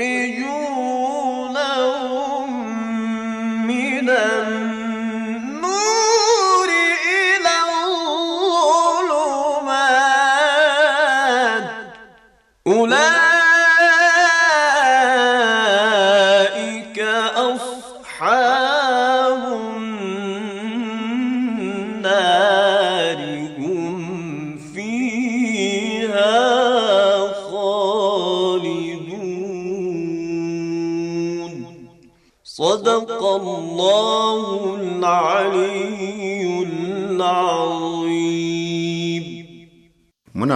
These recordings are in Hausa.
يخرجون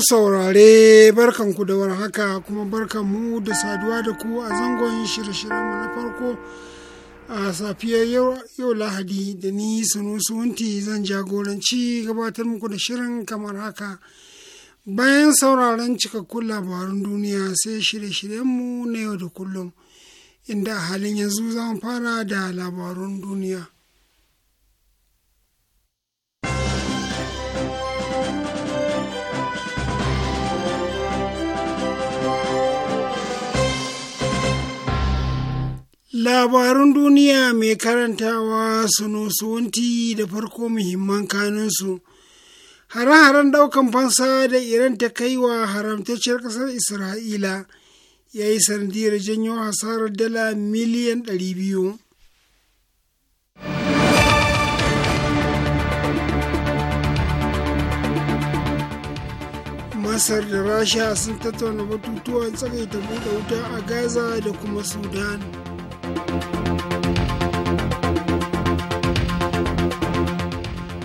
saurare barkanku da warhaka kuma barkan mu da saduwa da ku a zangon shirye-shiryenmu na farko a safiyar yau lahadi da ni sunusu wunti zan jagoranci gabatar muku da shirin kamar haka bayan sauraron cikakkun labarun duniya sai shirye-shiryenmu na yau da kullum inda a halin yanzu zan fara da labarun duniya. Labarun duniya mai karantawa sunu suwanti da farko muhimman kanunsu. Hare-haren ɗaukan fansa da Iran ta kai wa haramtacciyar ƙasar Isra'ila ya yi sanadiyar janyo hasarar dala miliyan ɗari biyu. Masar da Rasha sun tattauna batutuwan tsagaita buɗe wuta a Gaza da kuma Sudan.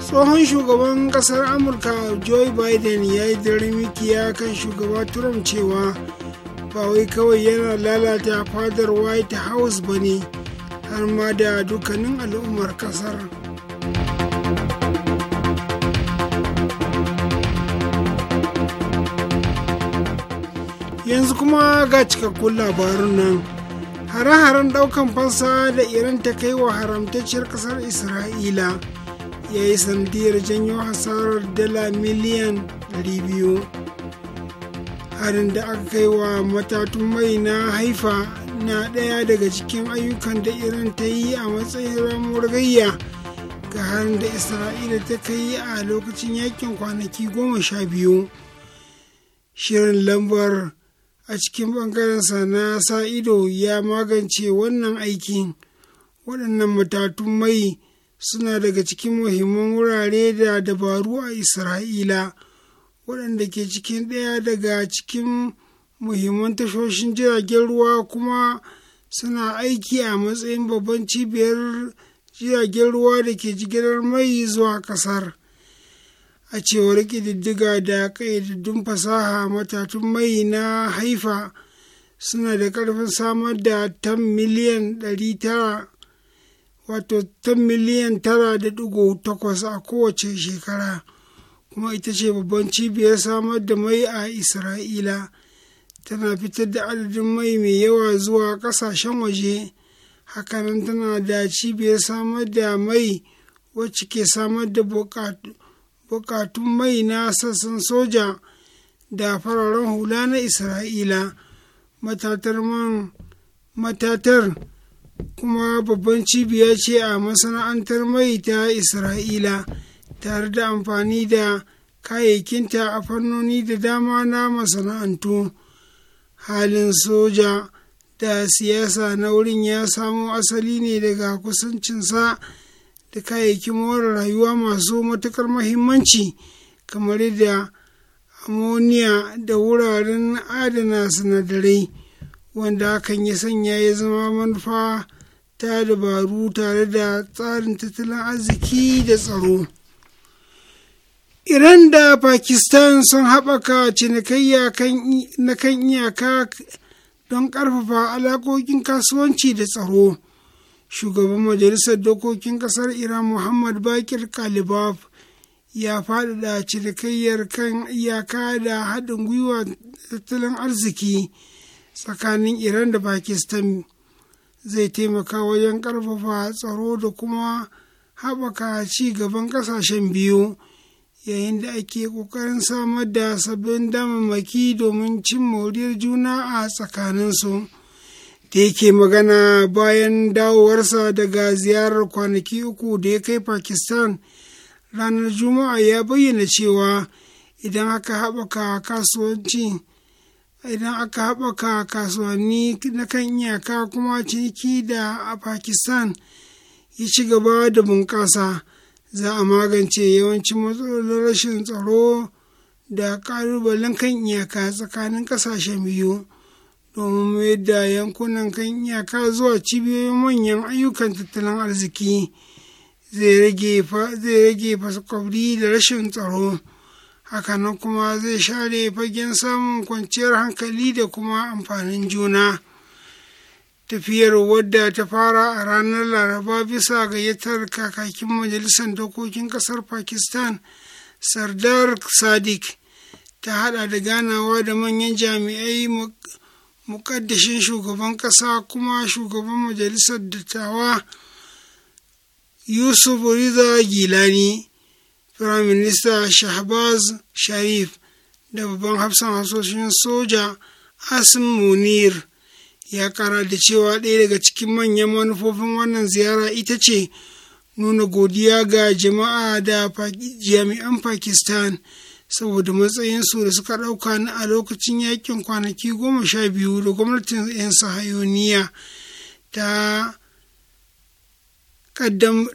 tsohon shugaban kasar amurka joe biden ya yi mikiya kan shugaba trump cewa ba wai kawai yana lalata fadar white house ba ne har ma da dukkanin al'ummar kasar yanzu kuma ga cikakkun labarun nan hare-haren daukan fansa da iran ta kai wa haramtacciyar kasar isra'ila ya yi sandiyar janyo hasarar dala miliyan 200 harin da aka kai wa matatun mai na haifa na ɗaya daga cikin ayyukan da iran ta yi a matsayin ramuwar gayya ga harin da isra'ila ta kai a lokacin yakin kwanaki goma sha biyu shirin lambar a cikin ɓangarensa na sa ido ya magance wannan aikin waɗannan matatun mai suna daga cikin muhimman wurare da dabaru a isra'ila waɗanda ke cikin ɗaya daga cikin muhimman tashoshin jiragen ruwa kuma suna aiki a matsayin babban cibiyar jiragen ruwa da ke jigilar mai zuwa ƙasar. a cewar ƙididdiga da ƙayyadaddun fasaha matatun mai na haifa suna da ƙarfin samar da tan miliyan 900 wato tan miliyan 9.8 a kowace shekara kuma ita ce babban cibiyar samar da mai a isra'ila tana fitar da adadin mai mai yawa zuwa ƙasashen waje hakanan tana da cibiyar samar da mai wacce ke samar da buƙatu bukatun mai na sassan soja da fararen hula na isra'ila matatar man matatar kuma babban cibiya ce a masana'antar mai ta isra'ila tare da amfani da kayayyakinta a fannoni da dama na masana'antu halin soja da siyasa na wurin ya samo asali ne daga kusancinsa da kayayyakin more rayuwa masu matuƙar mahimmanci kamar da amoniya da wuraren adana sinadarai wanda hakan ya sanya ya zama manufa ta dabaru tare da tsarin tattalin arziki da tsaro iran da pakistan sun haɓaka cinikayya na kan iyaka don ƙarfafa alaƙoƙin kasuwanci da tsaro shugaban majalisar dokokin kasar iran muhammad bakir kalibaf ya faɗaɗa cinikayyar kan iyaka da haɗin gwiwa tattalin arziki tsakanin iran da pakistan zai taimaka wajen ƙarfafa tsaro da kuma haɓaka ci gaban ƙasashen biyu yayin da ake ƙoƙarin samar da sabbin damammaki domin cin moriyar juna a tsakaninsu. su da yake magana bayan dawowarsa daga ziyarar kwanaki uku da ya kai pakistan ranar juma'a ya bayyana cewa idan aka haɓaka kasuwanci idan aka haɓaka kasuwanni na kan iyaka kuma ciniki da a pakistan ya ci gaba da bunƙasa za a magance yawancin matsalolin rashin tsaro da ƙalubalen kan iyaka tsakanin ƙasashen biyu domin mayar da yankunan kan iyaka zuwa cibiyoyin manyan ayyukan tattalin arziki zai rage fasakwabri da rashin tsaro hakanan kuma zai share fagen samun kwanciyar hankali da kuma amfanin juna tafiyar wadda ta fara a ranar laraba bisa gayyatar kakakin majalisar dokokin kasar pakistan sardar Sadiq, ta hada da ganawa da manyan jami'ai mukaddashin shugaban ƙasa kuma shugaban majalisar dattawa yusuf riza gilani firayim minista shahbaz sharif da babban hafsan hasoshin soja asim munir ya kara da cewa ɗaya daga cikin manyan manufofin wannan ziyara ita ce nuna godiya ga jama'a da jami'an pakistan saboda matsayinsu da suka ɗauka ni a lokacin yakin kwanaki goma sha biyu da gwamnatin 'yan sahayoniya ta kaddam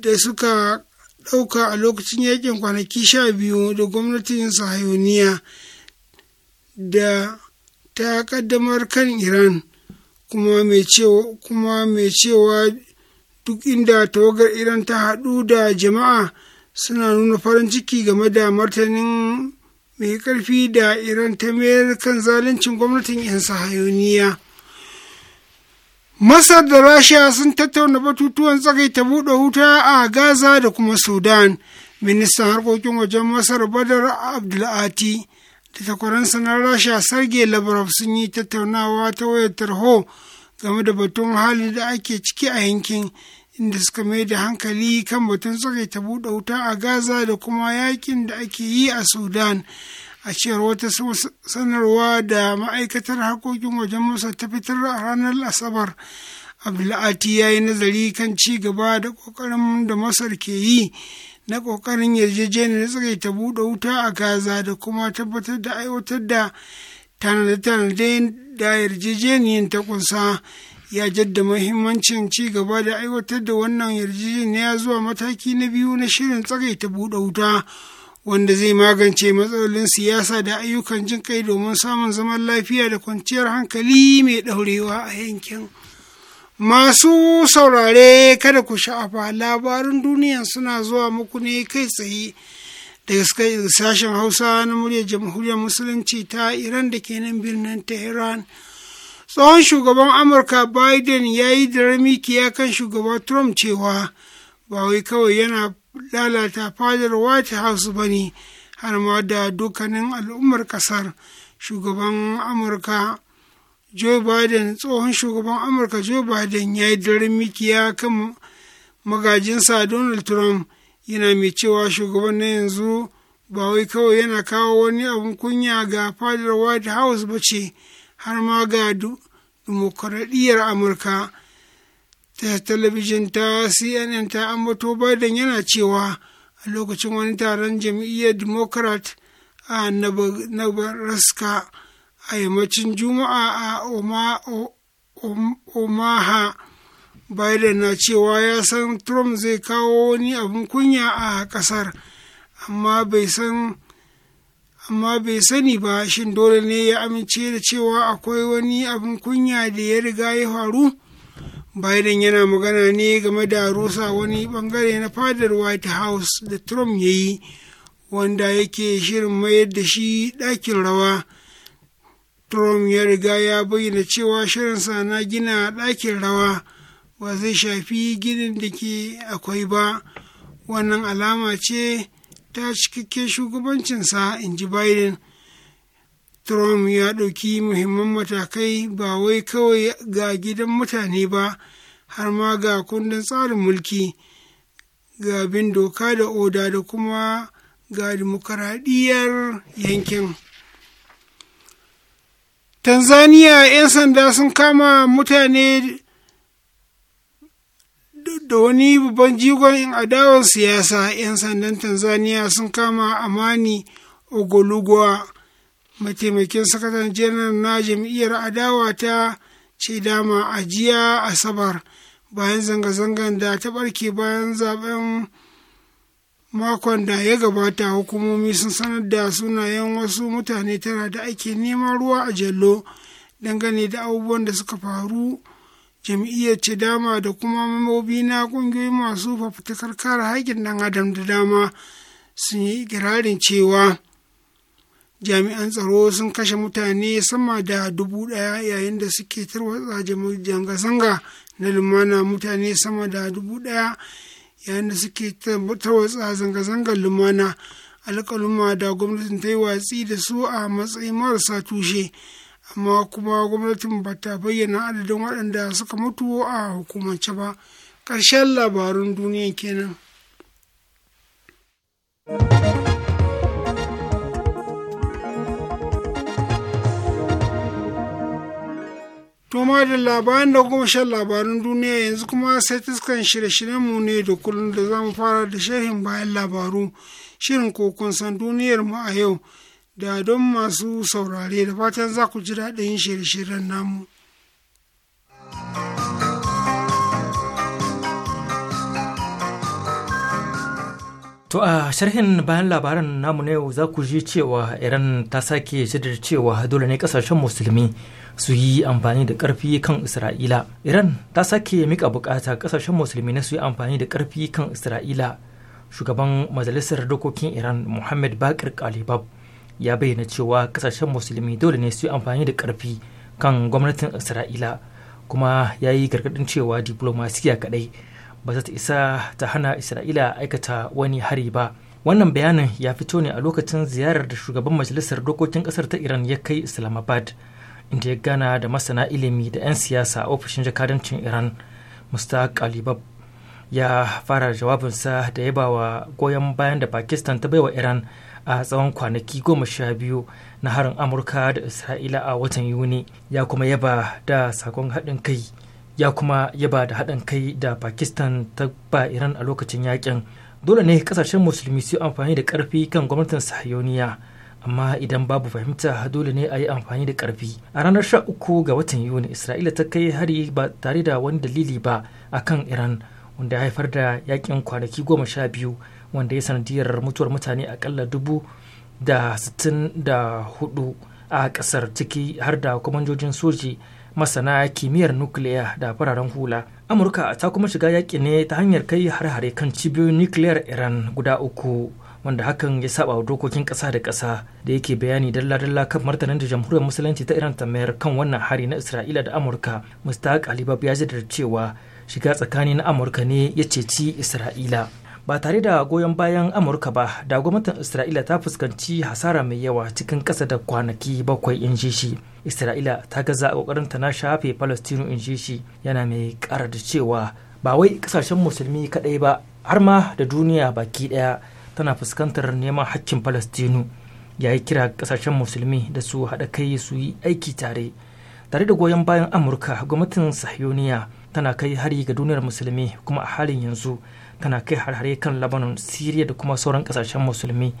da suka ɗauka a lokacin yakin kwanaki sha biyu da gwamnatin sahayoniya da ta kaddamar kan iran kuma mai cewa kuma mai cewa duk inda tawagar iran ta haɗu da jama'a suna nuna farin ciki game da martanin mai karfi da iran ta mayar kan zaluncin gwamnatin 'yan sahayoniya masar da rasha sun tattauna batutuwan ta buɗe wuta a gaza da kuma sudan ministan harkokin wajen masar badar abdulati da takwaransa na rasha sarge labarab sun yi tattaunawa ta wayar tarho game da batun hali da ake ciki a yankin inda suka mai da hankali kan batun tsagaita buɗe wuta a gaza da kuma yakin da ake yi a sudan a cewar wata sanarwa da ma'aikatar harkokin wajen musa ta fitar a ranar asabar abdulati ya yi nazari kan ci gaba da ƙoƙarin da masar ke yi na kokarin yarjejeniyar tsagaita buɗe wuta a gaza da kuma tabbatar da aiwatar da tanade-tanade da yarjejeniyar ta ƙunsa ya jadda mahimmancin ci gaba da aiwatar da wannan yarjejeniya zuwa mataki na biyu na shirin tsagaita buɗe wuta wanda zai magance matsalolin siyasa da ayyukan jin kai domin samun zaman lafiya da kwanciyar hankali mai ɗaurewa a yankin masu saurare kada ku sha'afa labarin duniya suna zuwa muku ne kai tsaye daga sashen hausa na muryar jamhuriyar musulunci ta iran da ke nan birnin tehran tsohon shugaban amurka biden ya yi da kan shugaba trump cewa ba wai kawai yana lalata fadar white house ba ne har ma da dukkanin al'ummar kasar shugaban amurka joe biden tsohon shugaban amurka joe biden ya yi daren mikiya kan magajinsa donald trump yana mai cewa shugaban na yanzu ba wai kawai yana kawo wani abin kunya ga fadar white house ba ce har ma ga dimokuraɗiyar amurka ta talabijin ta cnn ta ambato biden yana cewa a lokacin wani taron jam'iyyar democrat a nebraska a yammacin juma'a a omaha biden na cewa ya san trump zai kawo wani abin kunya a kasar amma bai san amma bai sani ba shin dole ne ya amince da cewa akwai wani abin kunya da ya riga ya faru biden yana magana ne game da rusa wani bangare na fadar white house da trump ya yi wanda yake shirin mayar da shi ɗakin rawa trump ya riga ya bayyana cewa shirinsa na gina ɗakin rawa ba zai shafi ginin da ke akwai ba wannan alama ce ta cikakken shugabancinsa in ji biden trump ya ɗauki muhimman matakai ba wai kawai ga gidan mutane ba har ma ga kundin tsarin mulki ga bin doka da oda da kuma ga dimokuraɗiyyar yankin tanzania 'yan sanda sun kama mutane da wani babban jigon in adawar siyasa 'yan sandan tanzania sun kama amani ogolugowa mataimakin sakataren janar na jam'iyyar adawa ta ce dama a jiya asabar bayan zanga-zangar da ta barke bayan zaben makon da ya gabata hukumomi sun sanar da sunayen wasu mutane tara da ake neman ruwa a jallo dangane da abubuwan da suka faru jam'iyyar ce dama da kuma mambobi na ƙungiyoyi masu fafutukar kare haƙƙin ɗan adam da dama sun yi ikirarin cewa jami'an tsaro sun kashe mutane sama da dubu ɗaya yayin da suke tarwatsa zanga-zanga na lumana mutane sama da dubu ɗaya yayin da suke tarwatsa zanga-zangar lumana alƙaluma da gwamnatin ta yi watsi da su a matsayin marasa tushe. amma kuma gwamnatin ba ta bayyana adadin waɗanda suka mutu a hukumance ba ƙarshen labarun duniya kenan. Toma da labarin da kuma shan labarun duniya yanzu kuma sai tuskan shirye-shiryenmu ne da kullum da zamu fara da sharhin bayan labaru shirin kokon san duniyar mu a yau. da don masu saurare da fatan za ku ji daɗin shirye-shiryen namu. To a sharhin bayan labaran namu na yau za ku ji cewa Iran ta sake shaidar cewa dole ne kasashen musulmi su yi amfani da karfi kan Isra'ila. Iran ta sake mika bukata kasashen musulmi na su yi amfani da karfi kan Isra'ila. Shugaban Majalisar Dokokin Iran Muhammad Bakir Kalibab ya bayyana cewa kasashen musulmi dole ne su yi amfani da karfi kan gwamnatin isra'ila kuma ya yi gargadin cewa diplomasiya kadai ba za ta isa ta hana isra'ila aikata wani hari ba wannan bayanin ya fito ne a lokacin ziyarar da shugaban majalisar dokokin kasar ta iran ya kai islamabad inda ya gana da masana ilimi da 'yan siyasa a ofishin jakadancin iran mustaq alibab ya fara jawabinsa da ya wa goyon bayan da pakistan ta baiwa iran a tsawon kwanaki goma sha biyu na harin amurka da isra'ila a watan yuni ya kuma yaba da sakon haɗin kai ya kuma yaba da haɗin kai da pakistan ta ba iran a lokacin yakin dole ne kasashen musulmi su amfani da ƙarfi kan gwamnatin sahiyoniya amma idan babu fahimta dole ne a yi amfani da ƙarfi a ranar sha uku ga watan yuni isra'ila ta kai hari ba tare da wani dalili ba a kan iran wanda ya haifar da yakin kwanaki goma sha biyu wanda ya sanadiyar mutuwar mutane akalla dubu da sittin da hudu a kasar ciki har da kwamanjojin soji masana kimiyyar nukiliya da fararen hula amurka ta kuma shiga yaƙi ne ta hanyar kai har-hare kan cibiyoyin nukiliyar iran guda uku wanda hakan ya saba wa dokokin ƙasa da ƙasa da yake bayani dalla-dalla kan martanin da jamhuriyar musulunci ta iran ta mayar kan wannan hari na isra'ila da amurka mustaq alibab ya jaddada cewa shiga tsakani na amurka ne ya ceci isra'ila ba tare da goyon bayan amurka ba da gwamnatin isra'ila ta fuskanci hasara mai yawa cikin ƙasa da kwanaki bakwai in ji shi isra'ila ta gaza a ƙoƙarin ta na shafe palestino in ji shi yana mai ƙara da cewa ba wai ƙasashen musulmi kaɗai ba har ma da duniya baki ɗaya tana fuskantar neman hakkin palestino ya yi kira ƙasashen musulmi da su haɗa kai su yi aiki tare tare da goyon bayan amurka gwamnatin Sahyoniya tana kai hari ga duniyar musulmi kuma a halin yanzu tana kai harhare kan labanon siriya da kuma sauran kasashen musulmi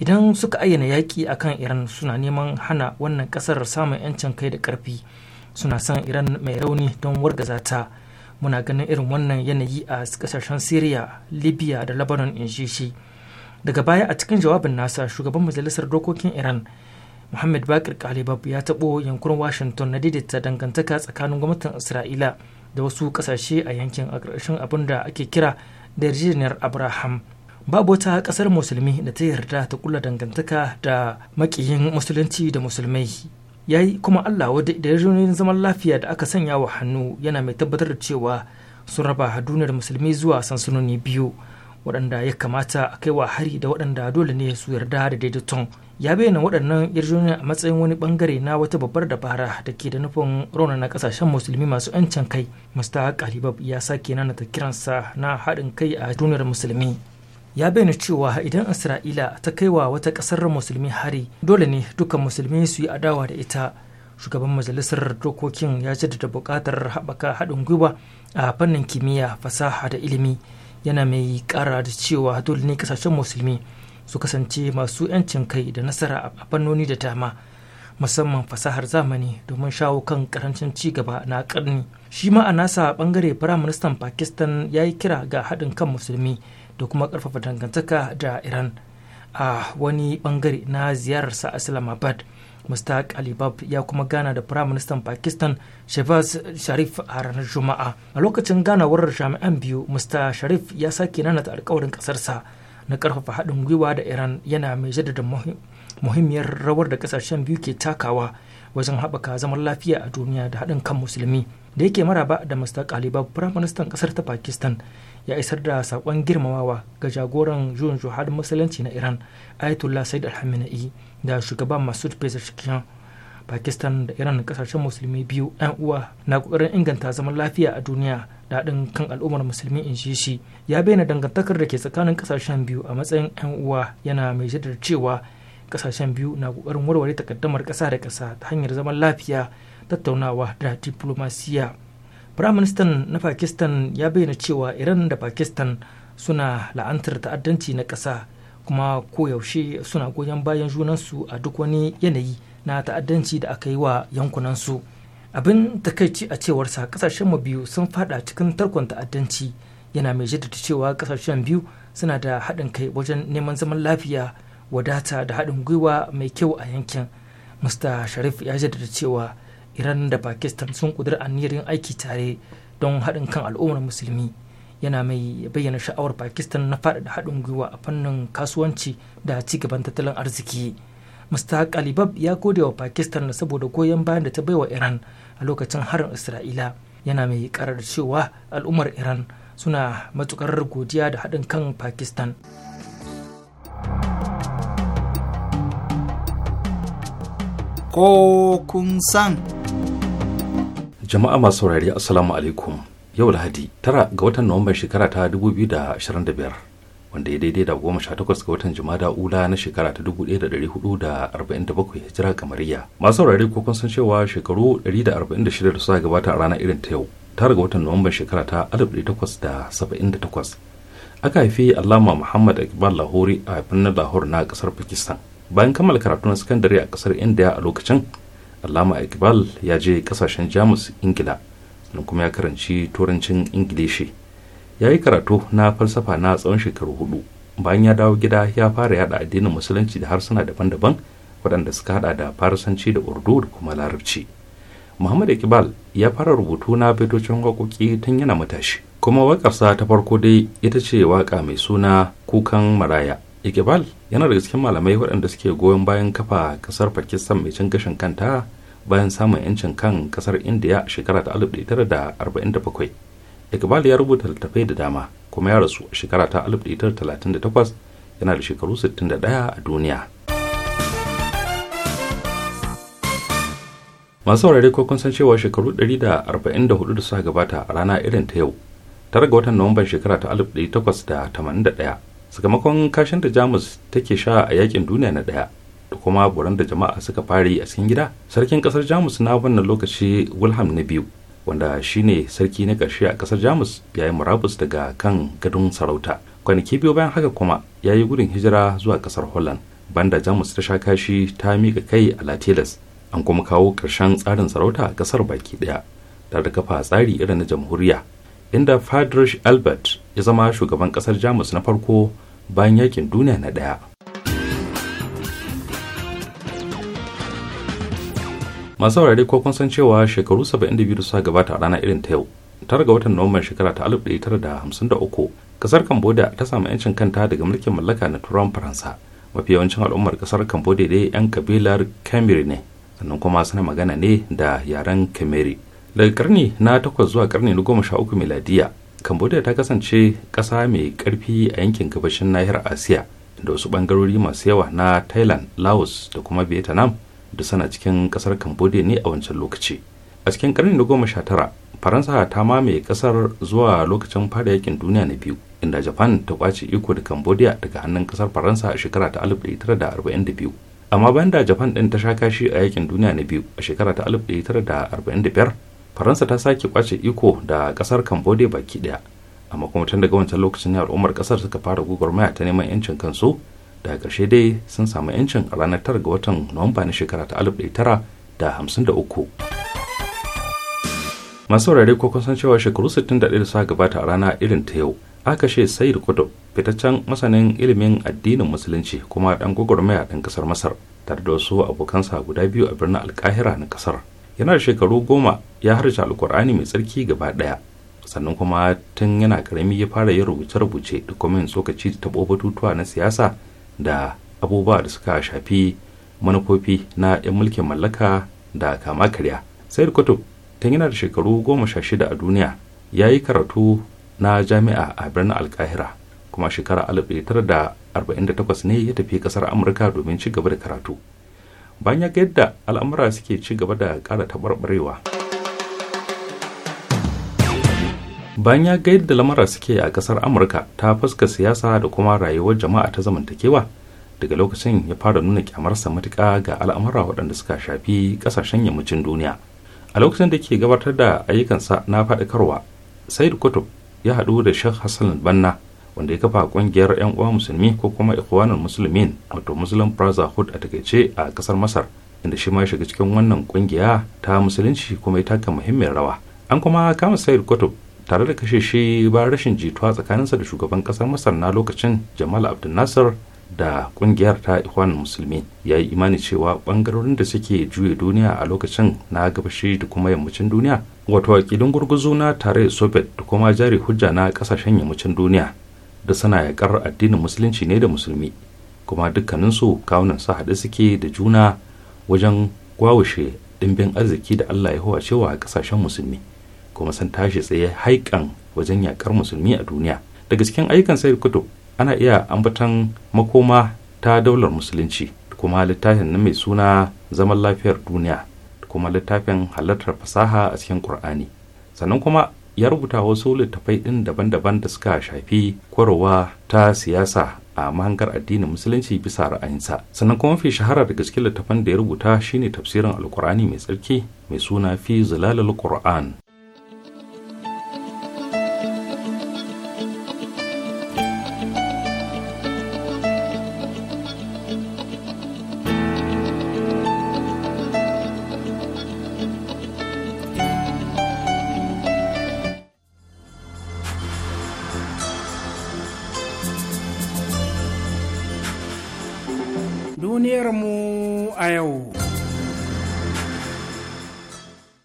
idan suka ayyana yaƙi a kan iran suna neman hana wannan ƙasar samun 'yancin kai da karfi suna son iran mai rauni don wargaza ta muna ganin irin wannan yanayi a kasashen syria libya da lebanon in shi shi daga baya a cikin jawabin nasa shugaban majalisar dokokin iran muhammad bakir kalibab ya taɓo yankunan washington na daidaita dangantaka tsakanin gwamnatin isra'ila da wasu ƙasashe a yankin a ƙarƙashin abin da ake kira da yarjejeniyar abraham babu wata ƙasar musulmi da ta yarda ta kula dangantaka da makiyin musulunci da musulmai ya yi kuma allah wadda da yarjejeniyar zaman lafiya da aka sanya wa hannu yana mai tabbatar da cewa sun raba duniyar musulmi zuwa sansanoni biyu waɗanda ya kamata a kaiwa hari da waɗanda dole ne su yarda da daidaiton ya bayyana waɗannan yarjejeniya a matsayin wani bangare na wata babbar dabara da ke da nufin raunana kasashen musulmi masu 'yancin kai musta kalibab ya sake nana ta kiransa na haɗin kai a duniyar musulmi ya bayyana cewa idan isra'ila ta kaiwa wata ƙasar musulmi hari dole ne dukkan musulmi su yi adawa da ita shugaban majalisar dokokin ya jaddada buƙatar haɓaka haɗin gwiwa a fannin kimiyya fasaha da ilimi yana mai kara da cewa dole ne kasashen musulmi su kasance masu 'yancin kai da nasara a fannoni da dama musamman fasahar zamani domin shawo kan karancin ci gaba na karni shi ma a nasa bangare firaministan pakistan ya yi kira ga haɗin kan musulmi da kuma ƙarfafa dangantaka da iran a wani bangare na ziyararsa islamabad mustaq alibab ya kuma gana da prime minister pakistan shabaz sharif a ranar juma'a a lokacin ganawar jami'an biyu mr sharif ya sake nanata alkawarin kasarsa na karfafa haɗin gwiwa da iran yana mai jaddada muhimmiyar rawar da kasashen biyu ke takawa wajen haɓaka zaman lafiya a duniya da haɗin kan musulmi da yake maraba da mr alibab minister ƙasar ta pakistan ya isar da saƙon girmamawa ga jagoran juyin juhar musulunci na iran ayatollah said al da shugaban masud pezeshkian pakistan da iran kasashen musulmi biyu 'yan uwa na kokarin inganta zaman lafiya a duniya da haɗin kan al'ummar musulmi in shi shi ya bayyana dangantakar da ke tsakanin kasashen biyu a matsayin 'yan uwa yana mai jaddar cewa kasashen biyu na kokarin warware takaddamar ƙasa da kasa ta hanyar zaman lafiya tattaunawa da diplomasiya firaministan na pakistan ya bayyana cewa iran da pakistan suna la'antar ta'addanci na ƙasa kuma koyaushe suna goyon bayan junansu a duk wani yanayi na ta'addanci da aka yi wa yankunansu abin takaici a cewarsa kasashen mu biyu sun fada cikin tarkon ta'addanci yana mai jaddada cewa kasashen biyu suna da haɗin kai wajen neman zaman lafiya wadata da haɗin gwiwa mai kyau a yankin mr sharif ya jaddada cewa iran da pakistan sun ƙudiri aniyar yin aiki tare don haɗin kan al'ummar musulmi yana mai bayyana sha'awar pakistan na faɗaɗa haɗin gwiwa a fannin kasuwanci da ci gaban tattalin arziki mr kalibab ya gode wa pakistan saboda goyon bayan da ta baiwa iran a lokacin harin isra'ila yana mai karar cewa al'ummar iran suna matukar godiya da haɗin kan pakistan ko san jama'a masu saurari assalamu alaikum yau lahadi tara ga watan nuwamban shekara ta 2025 wanda ya daidai da goma sha takwas ga watan jumada ula na shekara ta 1447 hijira kamariya masu rari ko kun san cewa shekaru 146 da suka gabata a ranar irin ta yau tara ga watan nuwamban shekara ta 1878 aka haifi alama muhammad iqbal lahori a birnin lahore na kasar pakistan bayan kammala karatun sakandare a kasar india a lokacin alama iqbal ya je kasashen jamus ingila sannan kuma ya karanci turancin ingilishi ya yi karatu na falsafa na tsawon shekaru hudu bayan ya dawo gida ya fara yada addinin musulunci da harsuna daban-daban waɗanda suka hada da farisanci da urdu da kuma larabci muhammad iqbal ya fara rubutu na fitocin waƙoƙi tun yana matashi kuma waƙarsa ta farko dai ita ce waƙa mai suna kukan maraya iqbal yana da cikin malamai waɗanda suke goyon bayan kafa ƙasar pakistan mai cin gashin kanta bayan samun 'yancin kan kasar indiya a shekara ta 1947 iqbal ya rubuta littattafai da dama kuma ya rasu a shekara ta 1938 yana da shekaru 61 a duniya masu saurare ko kun san cewa shekaru 144 da suka gabata a rana irin ta yau tare ga watan nuwamban shekara ta 1881 sakamakon kashin da jamus take sha a yakin duniya na daya da kuma buran da jama'a suka fara yi a cikin gida sarkin kasar jamus na wannan lokaci wilhelm na biyu wanda shine sarki na ƙarshe a kasar jamus ya yi murabus daga kan gadon sarauta kwanaki biyu bayan haka kuma ya yi gudun hijira zuwa kasar holland banda jamus ta sha kashi ta mika kai a latilas an kuma kawo ƙarshen tsarin sarauta a kasar baki ɗaya da da kafa tsari irin na jamhuriya inda fadrish albert ya zama shugaban kasar jamus na farko bayan yakin duniya na ɗaya masu saurare ko kun san cewa shekaru 72 da suka gabata a rana irin ta yau tara ga watan nuwamban shekara ta 1953 kasar cambodia ta samu yancin kanta daga mulkin mallaka na turan faransa mafi yawancin al'ummar kasar cambodia dai yan kabilar khmer ne sannan kuma suna magana ne da yaren khmeri daga karni na takwas zuwa karni na goma sha uku miladiya cambodia ta kasance ƙasa mai karfi a yankin gabashin nahiyar asiya da wasu bangarori masu yawa na thailand laos da kuma vietnam da sana cikin kasar cambodia ne a wancan lokaci a cikin karni na goma sha tara faransa ta mamaye kasar zuwa lokacin fara yakin duniya na biyu inda japan ta kwace iko da cambodia daga hannun kasar faransa a shekara ta 1942 amma bayan da japan ɗin ta sha kashi a yakin duniya na biyu a shekara ta 1945 faransa ta sake kwace iko da kasar cambodia baki ɗaya amma kuma tun daga wancan lokacin ne al'ummar kasar suka fara gugurmaya ta neman yancin kansu da ƙarshe dai sun samu 'yancin a ranar tara ga watan nuwamba na shekara ta 1953 masu saurare ko kun san cewa shekaru 61 da suka gabata a rana irin ta yau aka sai sayid kudu fitaccen masanin ilimin addinin musulunci kuma dan gwagwarmaya ɗan ƙasar masar tare da wasu abokansa guda biyu a birnin alkahira na ƙasar yana da shekaru goma ya harshe alkur'ani mai tsarki gaba ɗaya sannan kuma tun yana karami ya fara yin rubuce-rubuce da kuma yin tsokaci ta batutuwa na siyasa da abubuwa da suka shafi manufofi na 'yan mulkin mallaka da kama karya sayar kutub ta yana da shekaru goma sha shida a duniya ya yi karatu na jami'a a birnin alkahira kuma shekara 1948 ne ya tafi kasar amurka domin ci gaba da karatu bayan ya ga yadda al'amura suke ci gaba da ƙara taɓarɓarewa. bayan ya ga yadda lamarar suke a kasar amurka ta fuska siyasa da kuma rayuwar jama'a ta zamantakewa daga lokacin ya fara nuna kyamarsa matuƙa ga al'amura waɗanda suka shafi ƙasashen yammacin duniya a lokacin da ke gabatar da ayyukansa na faɗakarwa said kutub ya haɗu da shek hassan banna wanda ya kafa ƙungiyar 'yan uwa musulmi ko kuma ikhwanul musulmin wato muslim brotherhood a takaice a ƙasar masar inda shi ma ya shiga cikin wannan ƙungiya ta musulunci kuma ya taka muhimmiyar rawa an kuma kama said kutub tare da kashe shi bayan rashin jituwa tsakaninsa da shugaban kasar masar na lokacin jamal nasir da kungiyar ta ikwan musulmi ya yi imani cewa bangarorin da suke juya duniya a lokacin na gabashe da kuma yammacin duniya wato wakilin gurguzu na tare soviet da kuma jari hujja na kasashen yammacin duniya da suna yakar addinin musulunci ne da musulmi kuma dukkaninsu kawunan su haɗe suke da juna wajen gwawashe dimbin arziki da allah ya cewa a kasashen musulmi kuma sun tashi tsaye haikan wajen yakar musulmi a duniya daga cikin ayyukan sayar kutub ana iya ambatan makoma ta daular musulunci kuma littafin na mai suna zaman lafiyar duniya kuma littafin halartar fasaha a cikin qur'ani sannan kuma ya rubuta wasu littafai ɗin daban-daban da suka shafi kwarowa ta siyasa a mahangar addinin musulunci bisa ra'ayinsa sannan kuma mafi shahara daga cikin littafan da ya rubuta shine tafsirin alkur'ani mai tsarki mai suna fi zilalul qur'an duniyarmu a yau.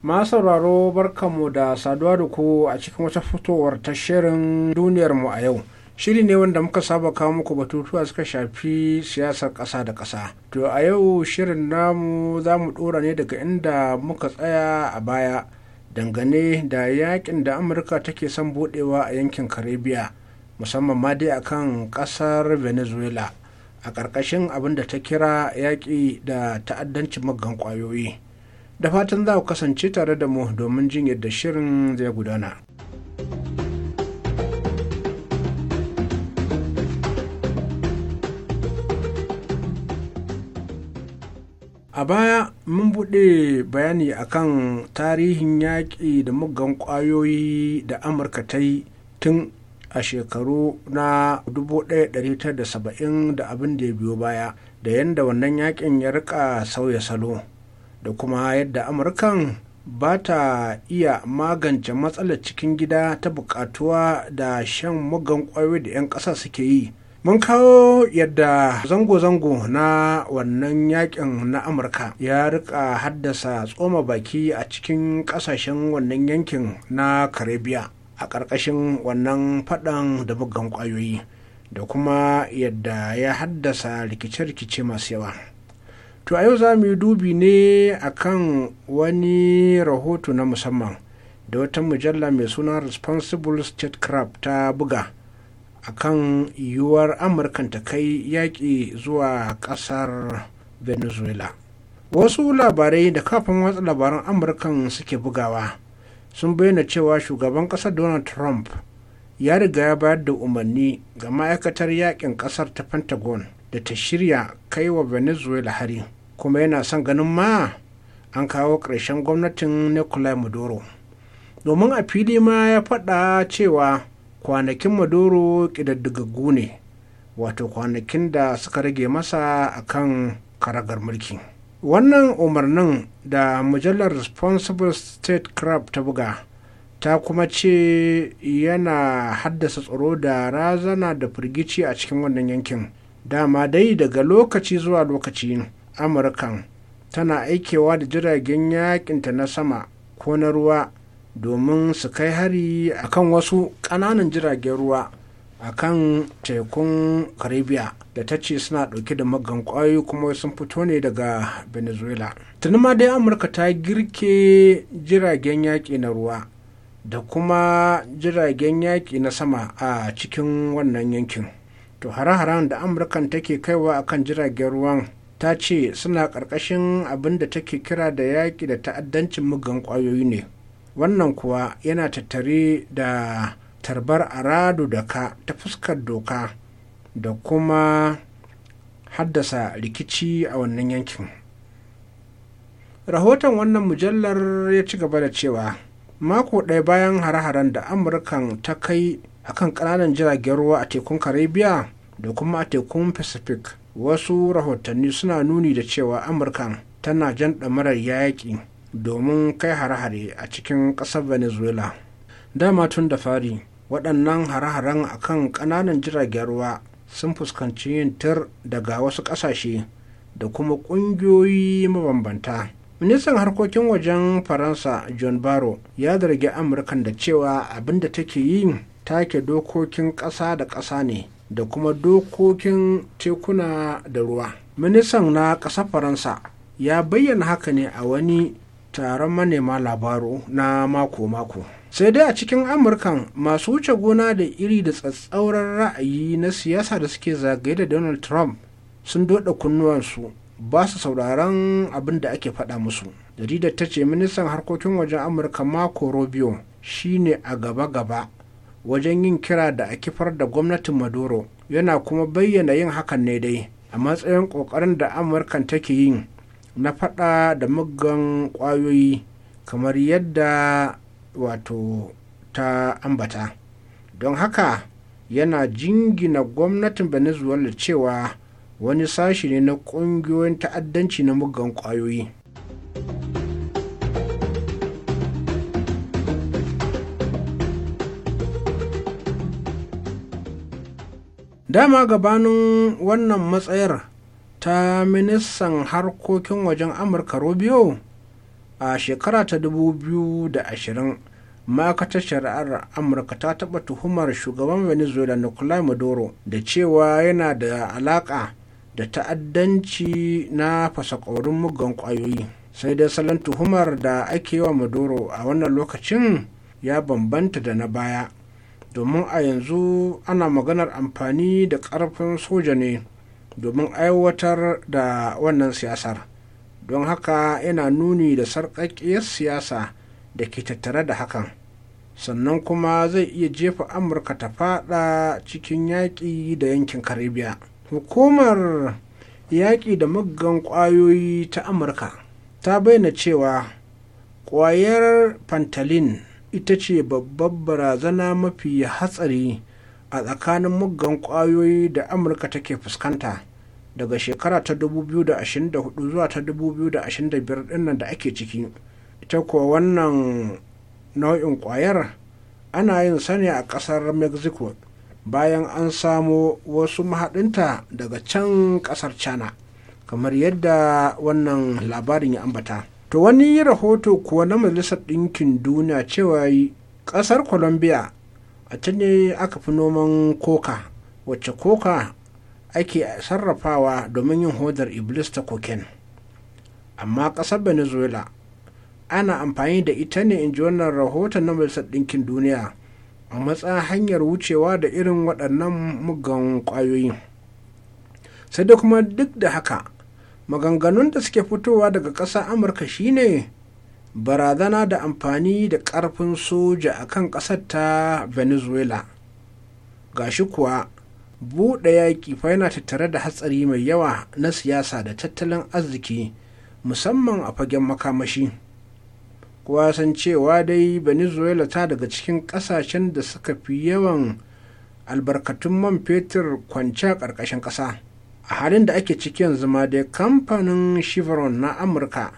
Ma sauraro barkanmu da saduwa da ku a cikin wata fitowar ta shirin duniyarmu a yau. Shiri ne wanda muka saba kawo muku batutuwa suka shafi siyasar ƙasa da ƙasa. To a yau shirin namu za mu ɗora ne daga inda muka tsaya a baya dangane da yakin da Amurka take son buɗewa a yankin Karibiya musamman ma dai akan ƙasar Venezuela. a ƙarƙashin abin da ta kira yaƙi da ta'addanci maggan ƙwayoyi da fatan za ku kasance tare da mu domin jin yadda shirin zai gudana. a baya mun buɗe bayani akan tarihin yaƙi da muggan ƙwayoyi da amurka ta yi tun a shekaru na 1970 da abin da ya biyo baya da yadda wannan yakin ya rika sauya salo da kuma yadda amurkan ba ta iya magance matsalar cikin gida ta bukatuwa da shan mugan kwayoyi da 'yan ƙasa suke yi mun kawo yadda zango-zango na wannan yakin na amurka ya rika haddasa tsoma baki a cikin kasashen wannan yankin na caribbean a ƙarƙashin wannan faɗan da bugan ƙwayoyi da kuma yadda ya haddasa rikice-rikice masu yawa to a yau za mu yi dubi ne a kan wani rahoto na musamman da wata mujalla mai suna responsible statecraft ta buga akan yiwuwar amurkan ta kai yaƙi zuwa ƙasar venezuela wasu labarai da kafin watsa labaran amurkan suke bugawa sun bayyana cewa shugaban ƙasar donald trump ya riga ya bayar da umarni ga ma'aikatar yakin ƙasar ta pentagon da ta shirya kai wa venezuela hari kuma yana son ganin ma an kawo ƙarshen gwamnatin nicolai maduro domin a fili ma ya faɗa cewa kwanakin maduro ƙidaddagaggu ne wato kwanakin da suka rage masa akan karagar mulki. wannan umarnin da mujallar responsible State Crab ta buga ta kuma ce yana haddasa tsaro da razana da firgici a cikin wannan yankin dama dai daga lokaci zuwa lokaci amurkan tana aikewa da jiragen yakinta na sama ko na ruwa domin su kai hari akan wasu ƙananan jiragen ruwa a kan tekun caribbean da ta ce suna ɗauke da magan ƙwayoyi kuma sun fito ne daga venezuela tuni ma dai amurka ta girke jiragen yaƙi na ruwa da kuma jiragen yaƙi na sama a cikin wannan yankin to hare-haren da amurkan take kaiwa akan jiragen ruwan ta ce suna ƙarƙashin abin da take kira da yaƙi da ta'addancin mugan ƙwayoyi ne wannan kuwa yana tattare da tarbar aradu da ka ta fuskar doka da kuma haddasa rikici a wannan yankin rahoton wannan mujallar ya ci gaba da cewa mako ɗaya bayan hare-haren da amurkan ta kai a kan ƙananan jiragen ruwa a tekun karibiya da kuma a tekun pacific wasu rahotanni suna nuni da cewa amurkan tana jan ɗamarar yaƙi domin kai hare-hare a cikin ƙasar venezuela dama tun da fari waɗannan hare-haren kan ƙananan jiragen ruwa sun fuskanci yin tur daga wasu ƙasashe da kuma ƙungiyoyi mabambanta ministan harkokin wajen faransa john barrow ya zargi amurkan da cewa abin da take yi take dokokin ƙasa da ƙasa ne da kuma dokokin tekuna da ruwa ministan na ƙasa faransa ya bayyana haka ne a wani taron manema labaru na mako-mako sai dai a cikin amurkan masu wuce gona da iri da tsatsauran ra'ayi na siyasa da suke zagaye da donald trump sun doda kunnuwansu ba su sauraron abin da ake faɗa musu jaridar ta ce ministan harkokin wajen amurka marco rubio shine a gaba-gaba wajen yin kira da a kifar da gwamnatin maduro yana kuma bayyana yin hakan ne dai a matsayin ƙoƙarin da amurkan take yin na faɗa da muggan ƙwayoyi kamar yadda wato ta ambata don haka yana jingina gwamnatin venezuela cewa wani sashi ne na kungiyoyin ta'addanci na muggan kwayoyi dama gabanin wannan matsayar ta ministan harkokin wajen amurka rubio a shekara ta 2020 ma'aikatar shari'ar amurka ta taɓa tuhumar shugaban venezuela nicolai maduro da cewa yana da alaƙa da ta'addanci na fasakorin muggan ƙwayoyi sai dai salon tuhumar da ake wa maduro a wannan lokacin ya bambanta da na baya domin a yanzu ana maganar amfani da ƙarfin soja ne domin aiwatar da wannan siyasar. don haka yana nuni da sarƙaƙƙiyar siyasa da ke tattare da hakan sannan kuma zai iya jefa amurka ta fada cikin yaƙi da yankin karibiya hukumar yaƙi da muggan ƙwayoyi ta amurka ta bayyana cewa ƙwayar pantalin ita ce babbar barazana mafi hatsari a tsakanin muggan ƙwayoyi da amurka take fuskanta daga shekara ta 2024 zuwa ta 2025 dinnan da ake ciki ita kuwa wannan nau'in kwayar ana yin sani a ƙasar mexico bayan an samo wasu mahaɗinta daga can ƙasar china kamar yadda wannan labarin ya ambata to wani rahoto kuwa na majalisar ɗinkin duniya cewa ƙasar colombia a can ne aka fi noman koka wacce koka ake sarrafawa domin yin hodar iblis ta koken. amma ƙasar venezuela ana amfani da ita ne in ji wannan rahoton na majalisar ɗinkin duniya a matsayin hanyar wucewa da irin waɗannan mugan ƙwayoyin sai dai kuma duk da haka maganganun da suke fitowa daga ƙasar amurka shine barazana da amfani da ƙarfin soja a kan ƙasar ta venezuela Ga shi kuwa buɗe yaƙi fa yana tattare da hatsari mai yawa na siyasa da tattalin arziki musamman a fagen makamashi kowa san cewa dai venezuela ta daga cikin ƙasashen da suka fi yawan albarkatun man fetur kwanci a ƙarƙashin ƙasa a halin da ake ciki yanzu ma dai kamfanin chevron na amurka